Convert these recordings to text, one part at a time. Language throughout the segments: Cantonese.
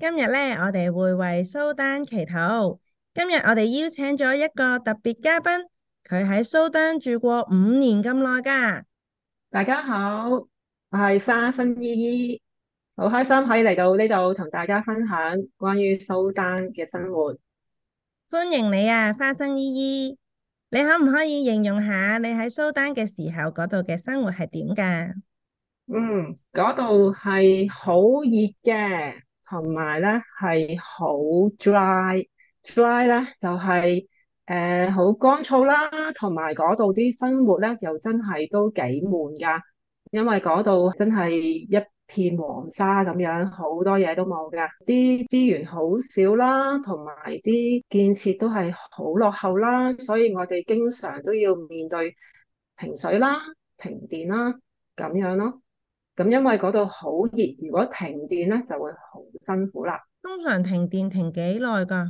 今日咧，我哋會為蘇丹祈禱。今日我哋邀請咗一個特別嘉賓，佢喺蘇丹住過五年咁耐噶。大家好，我係花生姨姨，好開心可以嚟到呢度同大家分享關於蘇丹嘅生活。歡迎你啊，花生姨姨，你可唔可以形容下你喺蘇丹嘅時候嗰度嘅生活係點噶？嗯，嗰度係好熱嘅。同埋咧係好 dry，dry 咧就係誒好乾燥啦，同埋嗰度啲生活咧又真係都幾悶噶，因為嗰度真係一片黃沙咁樣，好多嘢都冇噶，啲資源好少啦，同埋啲建設都係好落後啦，所以我哋經常都要面對停水啦、停電啦咁樣咯。咁因為嗰度好熱，如果停電咧就會好辛苦啦。通常停電停幾耐㗎？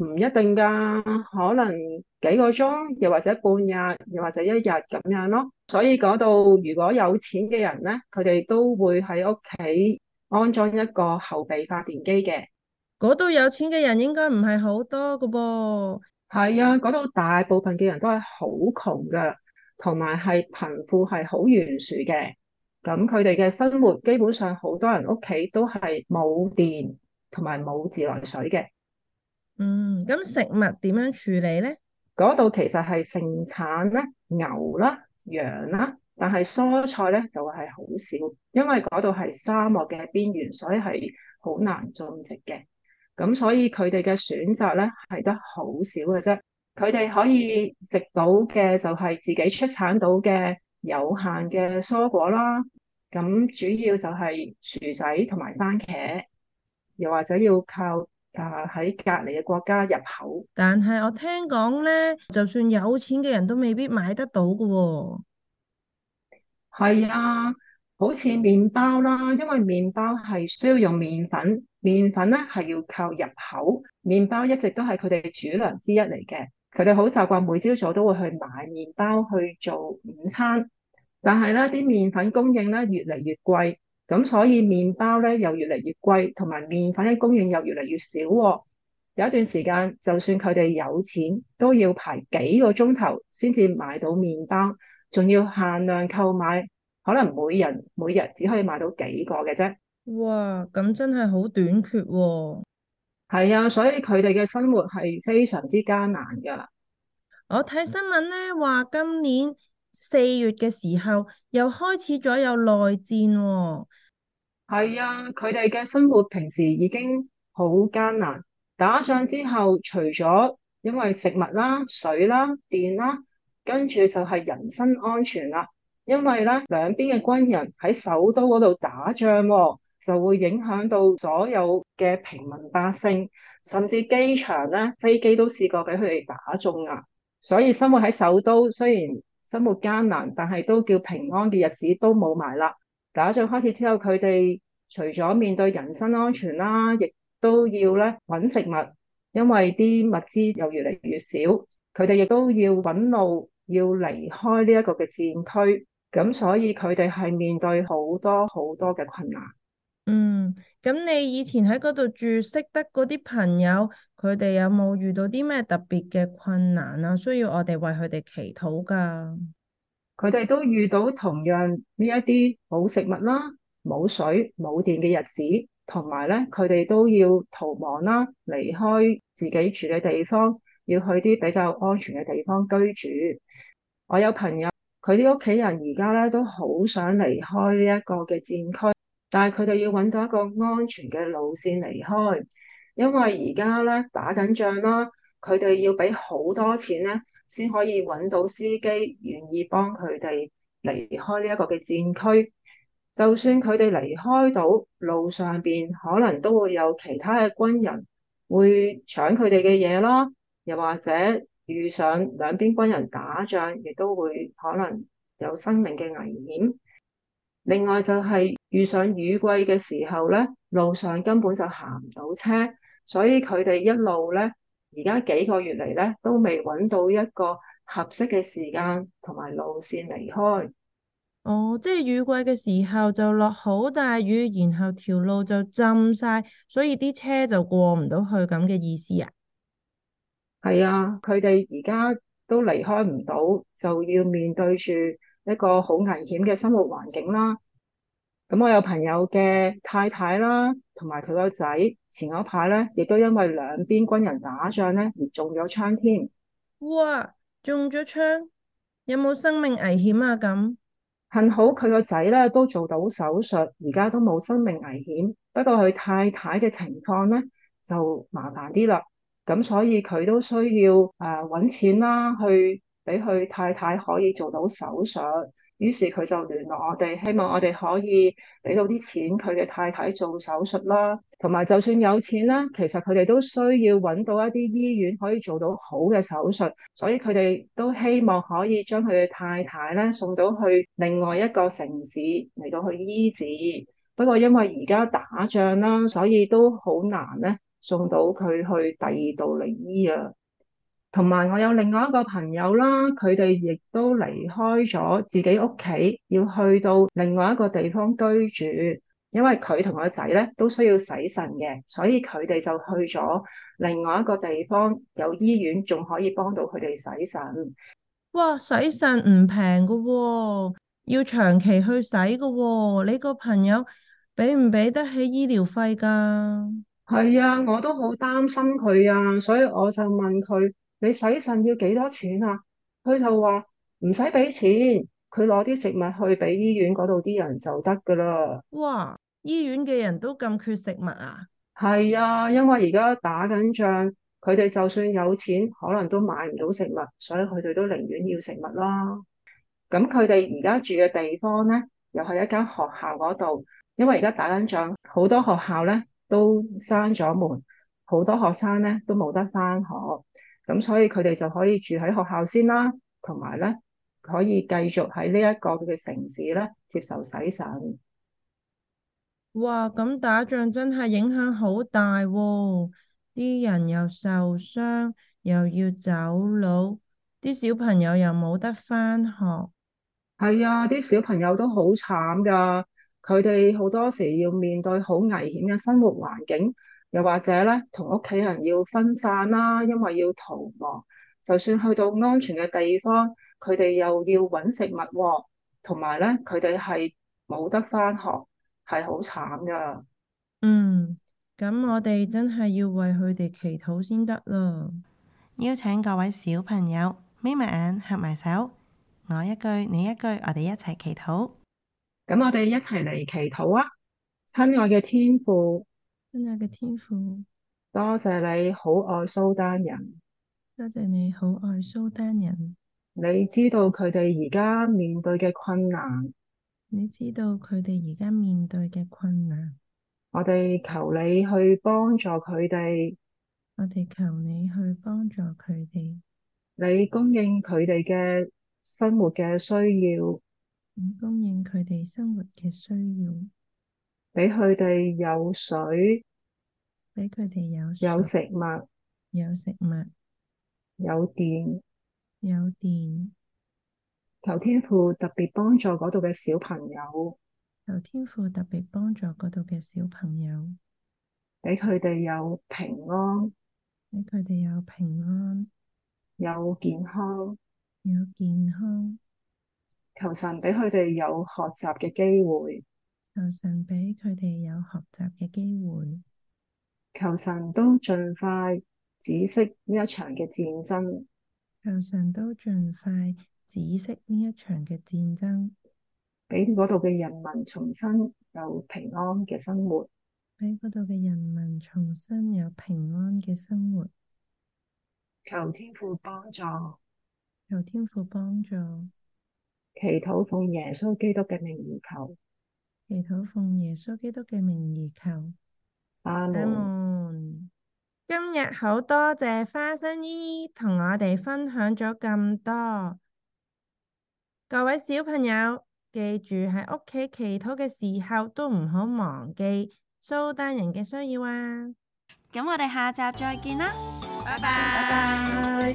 唔一定㗎，可能幾個鐘，又或者半日，又或者一日咁樣咯。所以嗰度如果有錢嘅人咧，佢哋都會喺屋企安裝一個後備發電機嘅。嗰度有錢嘅人應該唔係好多嘅噃。係啊，嗰度大部分嘅人都係好窮嘅，同埋係貧富係好懸殊嘅。咁佢哋嘅生活基本上，好多人屋企都係冇電同埋冇自來水嘅。嗯，咁食物點樣處理咧？嗰度其實係盛產咧牛啦、羊啦，但係蔬菜咧就係好少，因為嗰度係沙漠嘅邊緣，所以係好難種植嘅。咁所以佢哋嘅選擇咧係得好少嘅啫。佢哋可以食到嘅就係自己出產到嘅有限嘅蔬果啦。咁主要就係薯仔同埋番茄，又或者要靠啊喺隔籬嘅國家入口。但係我聽講咧，就算有錢嘅人都未必買得到㗎喎、哦。係啊，好似麵包啦，因為麵包係需要用麵粉，麵粉咧係要靠入口。麵包一直都係佢哋嘅主糧之一嚟嘅，佢哋好習慣每朝早都會去買麵包去做午餐。但係咧，啲麵粉供應咧越嚟越貴，咁所以麵包咧又越嚟越貴，同埋麵粉嘅供應又越嚟越少喎。有一段時間，就算佢哋有錢，都要排幾個鐘頭先至買到麵包，仲要限量購買，可能每人每日只可以買到幾個嘅啫。哇！咁真係好短缺喎、哦。係啊，所以佢哋嘅生活係非常之艱難㗎喇。我睇新聞咧話今年，四月嘅時候又開始咗有內戰喎、哦，係啊，佢哋嘅生活平時已經好艱難，打仗之後，除咗因為食物啦、水啦、電啦，跟住就係人身安全啦。因為咧兩邊嘅軍人喺首都嗰度打仗、哦，就會影響到所有嘅平民百姓，甚至機場咧飛機都試過俾佢哋打中啊。所以生活喺首都雖然，生活艱難，但係都叫平安嘅日子都冇埋啦。打仗開始之後，佢哋除咗面對人身安全啦，亦都要咧搵食物，因為啲物資又越嚟越少，佢哋亦都要搵路，要離開呢一個嘅戰區，咁所以佢哋係面對好多好多嘅困難。嗯，咁你以前喺嗰度住，識得嗰啲朋友，佢哋有冇遇到啲咩特別嘅困難啊？需要我哋為佢哋祈禱噶？佢哋都遇到同樣呢一啲冇食物啦、冇水、冇電嘅日子，同埋咧，佢哋都要逃亡啦，離開自己住嘅地方，要去啲比較安全嘅地方居住。我有朋友，佢啲屋企人而家咧都好想離開呢一個嘅戰區。但係佢哋要揾到一個安全嘅路線離開，因為而家咧打緊仗啦，佢哋要俾好多錢咧，先可以揾到司機願意幫佢哋離開呢一個嘅戰區。就算佢哋離開到路上邊，可能都會有其他嘅軍人會搶佢哋嘅嘢咯，又或者遇上兩邊軍人打仗，亦都會可能有生命嘅危險。另外就係，遇上雨季嘅時候咧，路上根本就行唔到車，所以佢哋一路咧，而家幾個月嚟，咧都未揾到一個合適嘅時間同埋路綫離開。哦，即係雨季嘅時候就落好大雨，然後條路就浸晒，所以啲車就過唔到去咁嘅意思啊？係啊，佢哋而家都離開唔到，就要面對住一個好危險嘅生活環境啦。咁、嗯、我有朋友嘅太太啦，同埋佢個仔前嗰排咧，亦都因為兩邊軍人打仗咧而中咗槍添。哇！中咗槍？有冇生命危險啊？咁幸好佢個仔咧都做到手術，而家都冇生命危險。不過佢太太嘅情況咧就麻煩啲啦。咁所以佢都需要誒搵，呃、錢啦，去俾佢太太可以做到手術。於是佢就聯絡我哋，希望我哋可以俾到啲錢佢嘅太太做手術啦。同埋就算有錢啦，其實佢哋都需要揾到一啲醫院可以做到好嘅手術，所以佢哋都希望可以將佢嘅太太咧送到去另外一個城市嚟到去醫治。不過因為而家打仗啦，所以都好難咧送到佢去第二度嚟醫啊。同埋我有另外一個朋友啦，佢哋亦都離開咗自己屋企，要去到另外一個地方居住，因為佢同個仔咧都需要洗腎嘅，所以佢哋就去咗另外一個地方有醫院，仲可以幫到佢哋洗腎。哇！洗腎唔平㗎，要長期去洗㗎喎。你個朋友俾唔俾得起醫療費㗎？係啊，我都好擔心佢啊，所以我就問佢。你洗腎要幾多錢啊？佢就話唔使俾錢，佢攞啲食物去俾醫院嗰度啲人就得噶啦。哇！醫院嘅人都咁缺食物啊？係啊，因為而家打緊仗，佢哋就算有錢，可能都買唔到食物，所以佢哋都寧願要食物啦。咁佢哋而家住嘅地方咧，又係一間學校嗰度，因為而家打緊仗，好多學校咧都閂咗門，好多學生咧都冇得翻學。咁所以佢哋就可以住喺學校先啦，同埋咧可以繼續喺呢一個嘅城市咧接受洗滌。哇！咁打仗真係影響好大喎，哦，啲人又受傷，又要走佬，啲小朋友又冇得翻學。係啊，啲小朋友都好慘噶，佢哋好多時要面對好危險嘅生活環境。又或者咧，同屋企人要分散啦，因為要逃亡。就算去到安全嘅地方，佢哋又要揾食物喎、喔，同埋咧，佢哋係冇得翻學，係好慘噶。嗯，咁我哋真係要為佢哋祈禱先得啦。邀請各位小朋友眯埋眼，合埋手，我一句你一句，我哋一齊祈禱。咁我哋一齊嚟祈禱啊！親愛嘅天父。親愛嘅天父，多謝你好愛蘇丹人，多謝你好愛蘇丹人。你知道佢哋而家面對嘅困難，你知道佢哋而家面對嘅困難。我哋求你去幫助佢哋，我哋求你去幫助佢哋。你供應佢哋嘅生活嘅需要，你供應佢哋生活嘅需要。畀佢哋有水，畀佢哋有食物，有食物，有電，有電。求天父特別幫助嗰度嘅小朋友，求天父特別幫助嗰度嘅小朋友，畀佢哋有平安，畀佢哋有平安，有健康，有健康。求神畀佢哋有學習嘅機會。求神畀佢哋有學習嘅機會，求神都盡快止息呢一場嘅戰爭，求神都盡快止息呢一場嘅戰爭，畀嗰度嘅人民重新有平安嘅生活，俾嗰度嘅人民重新有平安嘅生活，求天父幫助，求天父幫助，祈禱奉耶穌基督嘅名而求。祈禱奉耶穌基督嘅名而求阿門。啊、今日好多謝花生姨同我哋分享咗咁多。各位小朋友，記住喺屋企祈禱嘅時候都唔好忘記蘇丹人嘅需要啊！咁我哋下集再見啦，拜拜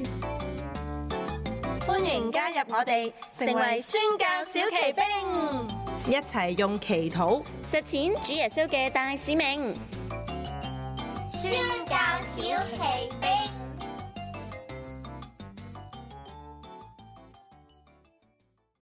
！Bye bye。歡迎加入我哋，成為宣教小奇兵。一齊用祈禱實踐主耶穌嘅大使命，宣教小奇兵。